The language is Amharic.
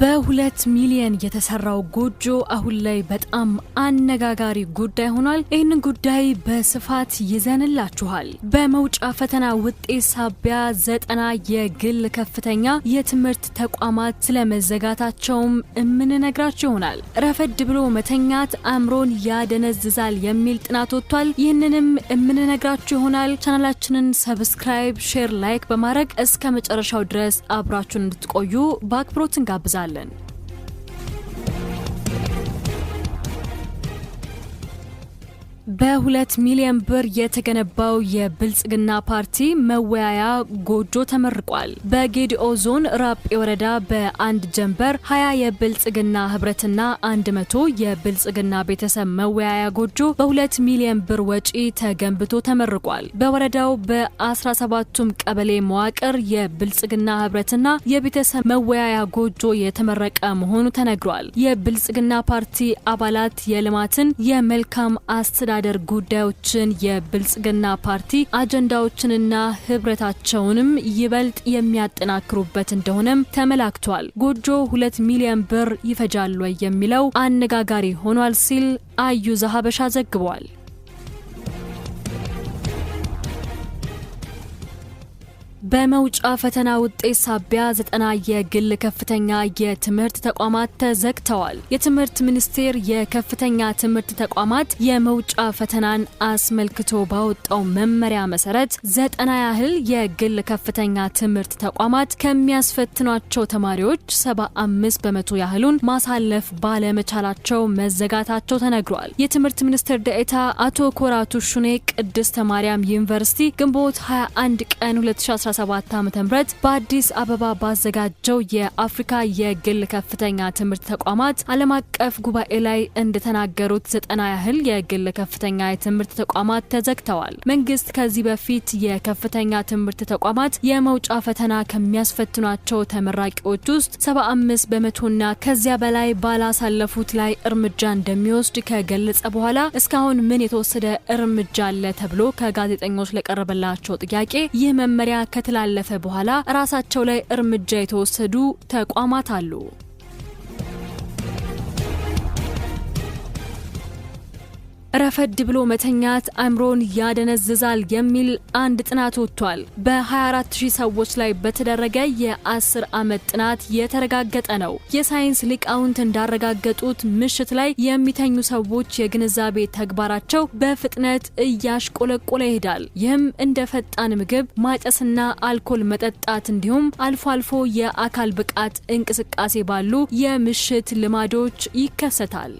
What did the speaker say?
በሁለት ሚሊየን የተሰራው ጎጆ አሁን ላይ በጣም አነጋጋሪ ጉዳይ ሆኗል። ይህንን ጉዳይ በስፋት ይዘንላችኋል። በመውጫ ፈተና ውጤት ሳቢያ ዘጠና የግል ከፍተኛ የትምህርት ተቋማት ስለመዘጋታቸውም የምንነግራችሁ ይሆናል። ረፈድ ብሎ መተኛት አእምሮን ያደነዝዛል የሚል ጥናት ወጥቷል። ይህንንም የምንነግራችሁ ይሆናል። ቻናላችንን ሰብስክራይብ፣ ሼር፣ ላይክ በማድረግ እስከ መጨረሻው ድረስ አብራችሁን እንድትቆዩ በአክብሮት እንጋብዛል። Zahlen. በሁለት ሚሊዮን ብር የተገነባው የብልጽግና ፓርቲ መወያያ ጎጆ ተመርቋል። በጌዲኦ ዞን ራጴ ወረዳ በአንድ ጀንበር 20 የብልጽግና ህብረትና 100 የብልጽግና ቤተሰብ መወያያ ጎጆ በሁለት ሚሊዮን ብር ወጪ ተገንብቶ ተመርቋል። በወረዳው በ17ቱም ቀበሌ መዋቅር የብልጽግና ህብረትና የቤተሰብ መወያያ ጎጆ የተመረቀ መሆኑ ተነግሯል። የብልጽግና ፓርቲ አባላት የልማትን የመልካም አስተዳ አስተዳደር ጉዳዮችን፣ የብልጽግና ፓርቲ አጀንዳዎችንና ህብረታቸውንም ይበልጥ የሚያጠናክሩበት እንደሆነም ተመላክቷል። ጎጆ ሁለት ሚሊዮን ብር ይፈጃል ወይ የሚለው አነጋጋሪ ሆኗል ሲል አዩ ዘሀበሻ ዘግቧል። በመውጫ ፈተና ውጤት ሳቢያ ዘጠና የግል ከፍተኛ የትምህርት ተቋማት ተዘግተዋል። የትምህርት ሚኒስቴር የከፍተኛ ትምህርት ተቋማት የመውጫ ፈተናን አስመልክቶ ባወጣው መመሪያ መሰረት ዘጠና ያህል የግል ከፍተኛ ትምህርት ተቋማት ከሚያስፈትኗቸው ተማሪዎች ሰባ አምስት በመቶ ያህሉን ማሳለፍ ባለመቻላቸው መዘጋታቸው ተነግሯል። የትምህርት ሚኒስትር ደኤታ አቶ ኮራቱ ሹኔ ቅድስተ ማርያም ዩኒቨርሲቲ ግንቦት 21 ቀን 2 2017 ዓ.ም በአዲስ አበባ ባዘጋጀው የአፍሪካ የግል ከፍተኛ ትምህርት ተቋማት ዓለም አቀፍ ጉባኤ ላይ እንደተናገሩት ዘጠና ያህል የግል ከፍተኛ የትምህርት ተቋማት ተዘግተዋል። መንግስት ከዚህ በፊት የከፍተኛ ትምህርት ተቋማት የመውጫ ፈተና ከሚያስፈትኗቸው ተመራቂዎች ውስጥ 75 በመቶና ከዚያ በላይ ባላሳለፉት ላይ እርምጃ እንደሚወስድ ከገለጸ በኋላ እስካሁን ምን የተወሰደ እርምጃ አለ ተብሎ ከጋዜጠኞች ለቀረበላቸው ጥያቄ ይህ መመሪያ ከተላለፈ በኋላ ራሳቸው ላይ እርምጃ የተወሰዱ ተቋማት አሉ። ረፈድ ብሎ መተኛት አእምሮን ያደነዝዛል የሚል አንድ ጥናት ወጥቷል። በ24000 ሰዎች ላይ በተደረገ የ10 ዓመት ጥናት የተረጋገጠ ነው። የሳይንስ ሊቃውንት እንዳረጋገጡት ምሽት ላይ የሚተኙ ሰዎች የግንዛቤ ተግባራቸው በፍጥነት እያሽቆለቆለ ይሄዳል። ይህም እንደ ፈጣን ምግብ ማጨስና አልኮል መጠጣት እንዲሁም አልፎ አልፎ የአካል ብቃት እንቅስቃሴ ባሉ የምሽት ልማዶች ይከሰታል።